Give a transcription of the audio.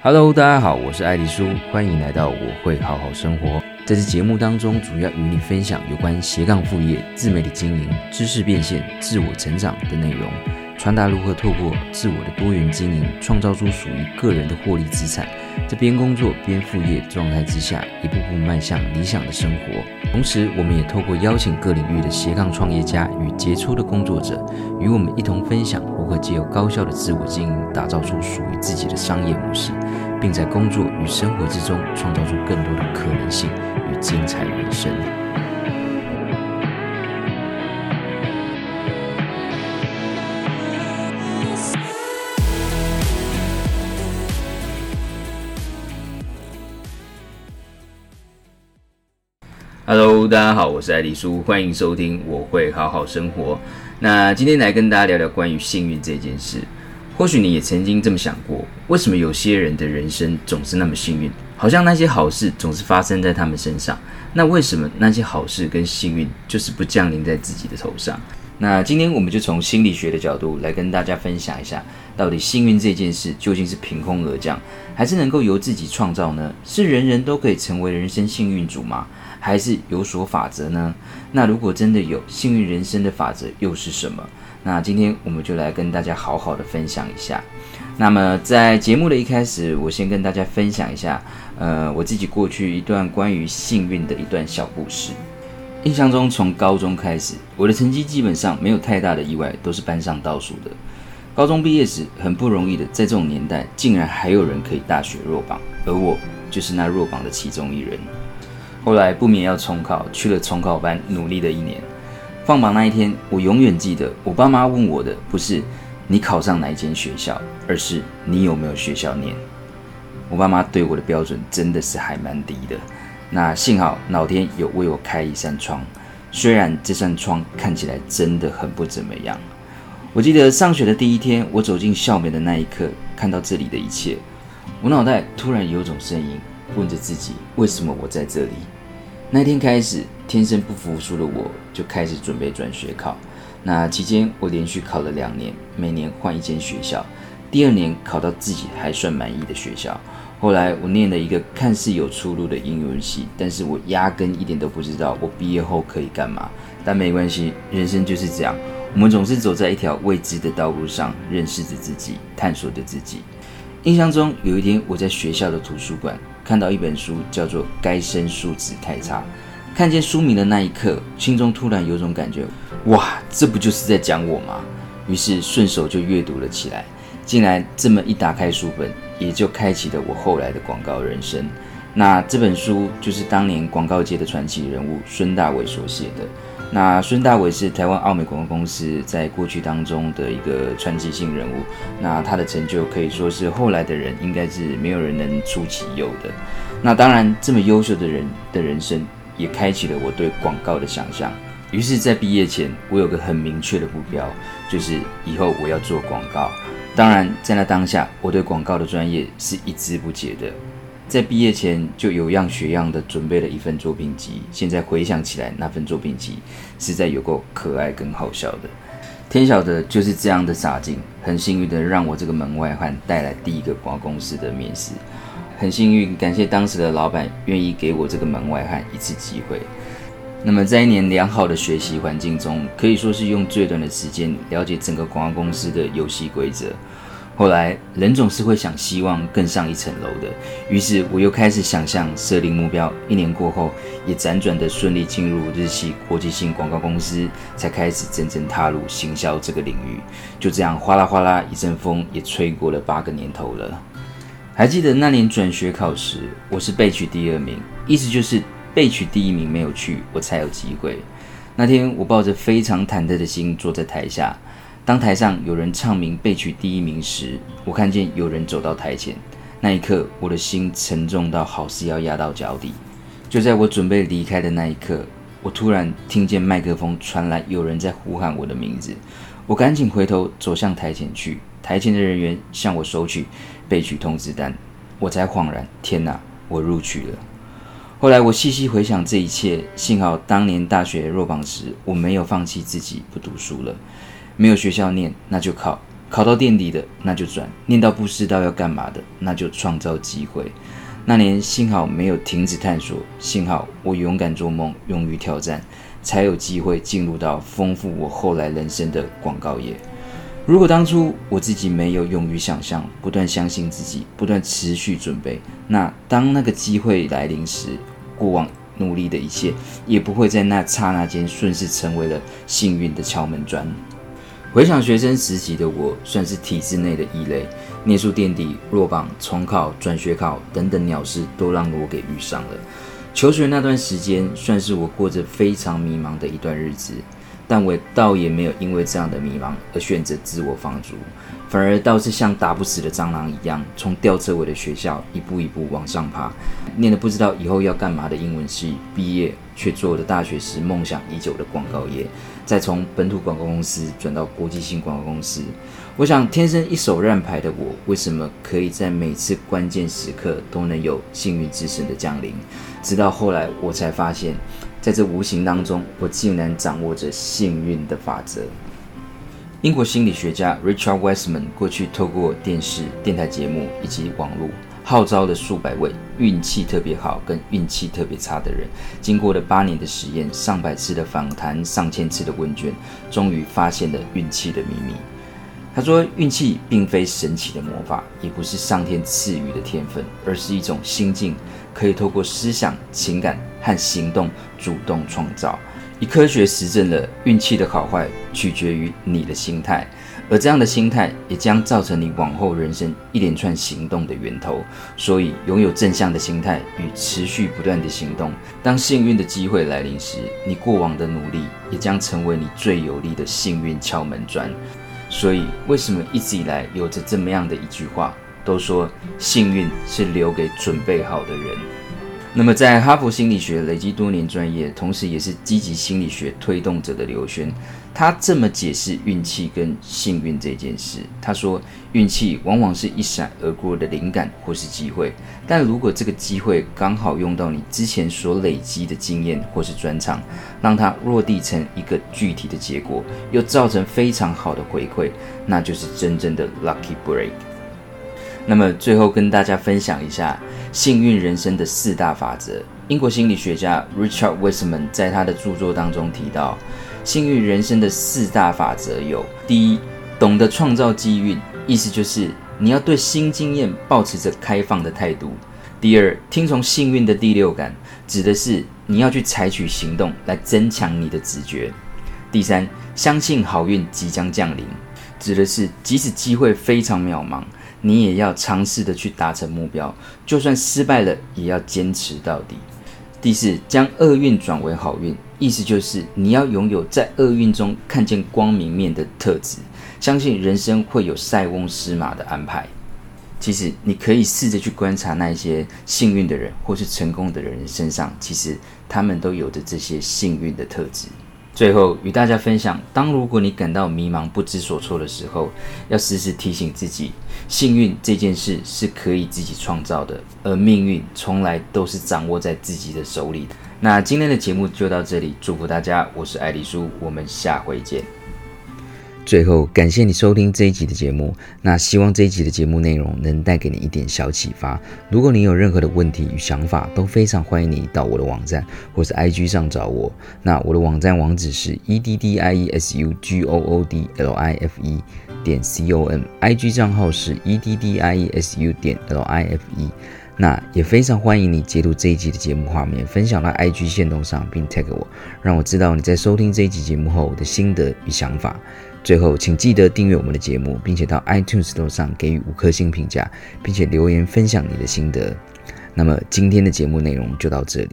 Hello，大家好，我是艾麗舒，歡迎來到我會好好生活。在這節目當中，主要與你分享有關斜槓副業、自媒體經營、知識變現、自我成長的內容。傳達如何透過自我的多元經營，創造出屬於個人的獲利資產，在邊工作邊副業狀態之下，一步步邁向理想的生活。同時，我們也透過邀請各領域的斜槓創業家與傑出的工作者，與我們一同分享如何藉由高效的自我經營，打造出屬於自己的商業模式，並在工作與生活之中創造出更多的可能性與精彩人生。大家好，我是愛麗書，歡迎收聽《我會好好生活》。那今天來跟大家聊聊關於幸運這件事。或許你也曾經這麼想過，為什麼有些人的人生總是那麼幸運？好像那些好事總是發生在他們身上。那為什麼那些好事跟幸運就是不降臨在自己的頭上？那今天我們就從心理學的角度來跟大家分享一下。到底幸運這件事究竟是憑空而降，還是能夠由自己創造呢？是人人都可以成為人生幸運組嗎？還是有所法則呢？那如果真的有幸運人生的法則又是什麼？那今天我們就來跟大家好好的分享一下。那麼在節目的一開始，我先跟大家分享一下，呃，我自己過去一段關於幸運的一段小故事。印象中從高中開始，我的成績基本上沒有太大的意外，都是班上倒數的。高中畢業時很不容易的，在這種年代竟然還有人可以大學落榜，而我就是那落榜的其中一人。後來不免要重考，去了重考班，努力了一年。放榜那一天，我永遠記得，我爸媽問我的不是你考上哪一間學校，而是你有沒有學校念。我爸媽對我的標準真的是還蠻低的。那幸好老天有為我開一扇窗，雖然這扇窗看起來真的很不怎麼樣。我記得上學的第一天，我走進校門的那一刻，看到這裡的一切，我腦袋突然有種聲音問着自己：為什麼我在這裡？那天開始，天生不服輸的我就開始準備轉學考。那期間，我連續考了兩年，每年換一間學校。第二年考到自己還算滿意的學校。後來我念了一個看似有出路的英文系，但是我壓根一點都不知道我畢業後可以幹嘛。但沒關係，人生就是這樣。我們總是走在一條未知的道路上，認識着自己，探索着自己。印象中有一天，我在學校的圖書館看到一本書，叫做《該生素質太差》。看見書名的那一刻，心中突然有種感覺：哇，這不就是在講我嗎？於是順手就閱讀了起來。竟然這麼一打開書本，也就開啟了我後來的廣告人生。那這本書就是當年廣告界的傳奇人物孫大偉所寫的。那孫大偉是台灣奧美廣告公司在過去當中的一個傳奇性人物，那他的成就可以說是後來的人應該是沒有人能出其右的。那當然，這麼優秀的人的人生也開啟了我對廣告的想象。於是，在畢業前，我有個很明確的目標，就是以後我要做廣告。當然，在那當下，我對廣告的專業是一知半解的。在畢業前就有樣學樣的準備了一份作品集，現在回想起來，那份作品集實在有夠可愛跟好笑的。天曉得，就是這樣的傻勁，很幸運的讓我這個門外漢帶來第一個廣告公司的面試。很幸運，感謝當時的老闆願意給我這個門外漢一次機會。那麼在一年良好的學習環境中，可以說是用最短的時間了解整個廣告公司的遊戲規則。後來，人總是會想希望更上一層樓的，於是我又開始想象設定目標。一年過後，也輾轉的順利進入日系國際性廣告公司，才開始真正踏入行銷這個領域。就這樣，嘩啦嘩啦一陣風，也吹過了八個年頭了。還記得那年轉學考時，我是被取第二名，意思就是被取第一名沒有去，我才有機會。那天，我抱着非常忐忑的心坐在台下。當台上有人唱名錄取第一名時，我看見有人走到台前。那一刻，我的心沉重到好似要壓到腳底。就在我準備離開的那一刻，我突然聽見麥克風傳來有人在呼喊我的名字。我趕緊回頭走向台前去，台前的人員向我收取錄取通知單。我才恍然，天哪，我錄取了。後來我細細回想這一切，幸好當年大學落榜時，我沒有放棄自己，不讀書了。沒有學校念，那就考，考到墊底的，那就轉；念到不知道要幹嘛的，那就創造機會。那年幸好沒有停止探索，幸好我勇敢做夢，勇於挑戰，才有機會進入到豐富我後來人生的廣告業。如果當初我自己沒有勇於想象，不斷相信自己，不斷持續準備，那當那個機會來臨時，過往努力的一切也不會在那剎那間順勢成為了幸運的敲門磚。回想學生時期的我，算是體制內的異類，念書墊底、落榜、重考、轉學考等等鳥事都讓我給遇上了。求學那段時間，算是我過着非常迷茫的一段日子。但我倒也沒有因為這樣的迷茫而選擇自我放逐，反而倒是像打不死的蟑螂一樣，從吊車尾的學校一步一步往上爬，念了不知道以後要幹嘛的英文系，畢業卻做了大學時夢想已久的廣告業，再從本土廣告公司轉到國際性廣告公司。我想，天生一手爛牌的我，為什麼可以在每次關鍵時刻都能有幸運之神的降臨？直到後來，我才發現。在這無形當中，我竟然掌握着幸運的法則。英國心理學家 Richard Wiseman 過去透過電視、電台節目以及網絡，號召了數百位運氣特別好跟運氣特別差的人，經過了八年的實驗、上百次的訪談、上千次的問卷，終於發現了運氣的秘密。他說，運氣並非神奇的魔法，也不是上天賜予的天分，而是一種心境，可以透過思想、情感。和行動主動創造，以科學實證了運氣的好壞取決於你的心態，而這樣的心態也將造成你往後人生一連串行動的源頭。所以，擁有正向的心態與持續不斷的行動，當幸運的機會來臨時，你過往的努力也將成為你最有力的幸運敲門磚。所以，為什麼一直以來有着這麼樣的一句話，都說幸運是留給準備好的人？那麼，在哈佛心理學累積多年專業，同時也是積極心理學推動者的劉軒，他這麼解釋運氣跟幸運這件事。他說，運氣往往是一閃而過的靈感或是機會，但如果這個機會剛好用到你之前所累積的經驗或是專長，讓它落地成一個具體的結果，又造成非常好的回饋，那就是真正的 lucky break。那麼，最後跟大家分享一下。幸運人生的四大法則，英國心理學家 Richard Wiseman 在他的著作當中提到，幸運人生的四大法則有：第一，懂得創造機運，意思就是你要對新經驗保持着開放的態度；第二，聽從幸運的第六感，指的是你要去採取行動來增強你的直覺；第三，相信好運即將降臨，指的是即使機會非常渺茫。你也要嘗試的去達成目標，就算失敗了，也要堅持到底。第四，將厄運轉為好運，意思就是你要擁有在厄運中看見光明面的特質，相信人生會有塞翁失馬的安排。其實，你可以試着去觀察那些幸運的人或是成功的人身上，其實他們都有着這些幸運的特質。最後與大家分享，當如果你感到迷茫，不知所措的時候，要時時提醒自己，幸運這件事是可以自己創造的，而命運從來都是掌握在自己的手裡。那今天的節目就到這裡，祝福大家，我是艾麗蘇，我們下回見。最後，感謝你收聽這一集的節目。那希望這一集的節目內容能帶給你一點小啟發。如果你有任何的問題與想法，都非常歡迎你到我的網站或是 IG 上找我。那我的網站網址是 e d d i e s u g o o d l i f e 點 c o m，IG 賬號是 e d d i e s u 點 l i f e。那也非常歡迎你截圖這一集的節目畫面，分享到 IG 線頭上，並 tag 我，讓我知道你在收聽這一集節目後的心得與想法。最後，請記得訂閱我們的節目，並且到 iTunes store 上給予五顆星評價，並且留言分享你的心得。那麼，今天的節目內容就到這裡。